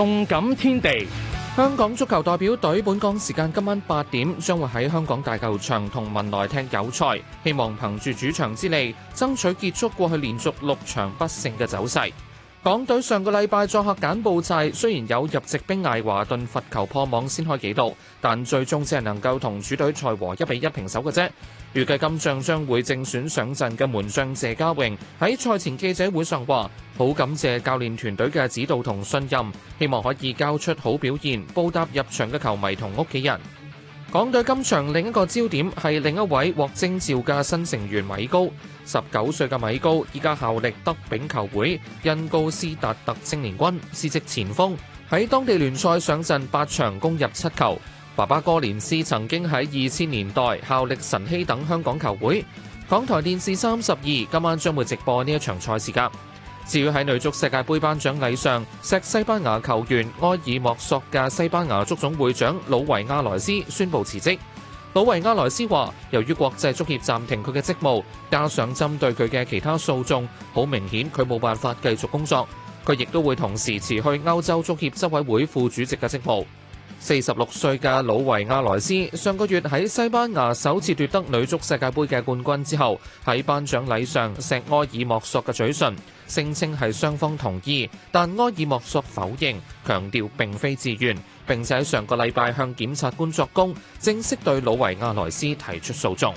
動感天地，香港足球代表隊本港時間今晚八點將會喺香港大球場同文萊踢友賽，希望憑住主場之利，爭取結束過去連續六場不勝嘅走勢。港隊上個禮拜作客柬埔寨，雖然有入籍兵艾華頓罰球破網先開紀錄，但最終只係能夠同主隊賽和一比一平手嘅啫。預計今仗將會正選上陣嘅門將謝家榮喺賽前記者會上話，好感謝教練團隊嘅指導同信任，希望可以交出好表現，報答入場嘅球迷同屋企人。港隊今場另一個焦點係另一位獲徵召嘅新成員米高，十九歲嘅米高依家效力德丙球會恩高斯達特青年軍，司職前鋒，喺當地聯賽上陣八場，攻入七球。爸爸哥連斯曾經喺二千年代效力晨曦等香港球會。港台電視三十二今晚將會直播呢一場賽事噶。至於喺女足世界盃頒獎禮上，錫西班牙球員埃爾莫索嘅西班牙足總會長魯維亞萊斯宣布辭職。魯維亞萊斯話，由於國際足協暫停佢嘅職務，加上針對佢嘅其他訴訟，好明顯佢冇辦法繼續工作。佢亦都會同時辭去歐洲足協執委會副主席嘅職務。四十六歲嘅魯維亞萊斯上個月喺西班牙首次奪得女足世界盃嘅冠軍之後，喺頒獎禮上錫埃爾莫索嘅嘴唇聲稱係雙方同意，但埃爾莫索否認，強調並非自願，並且上個禮拜向檢察官作供，正式對魯維亞萊斯提出訴訟。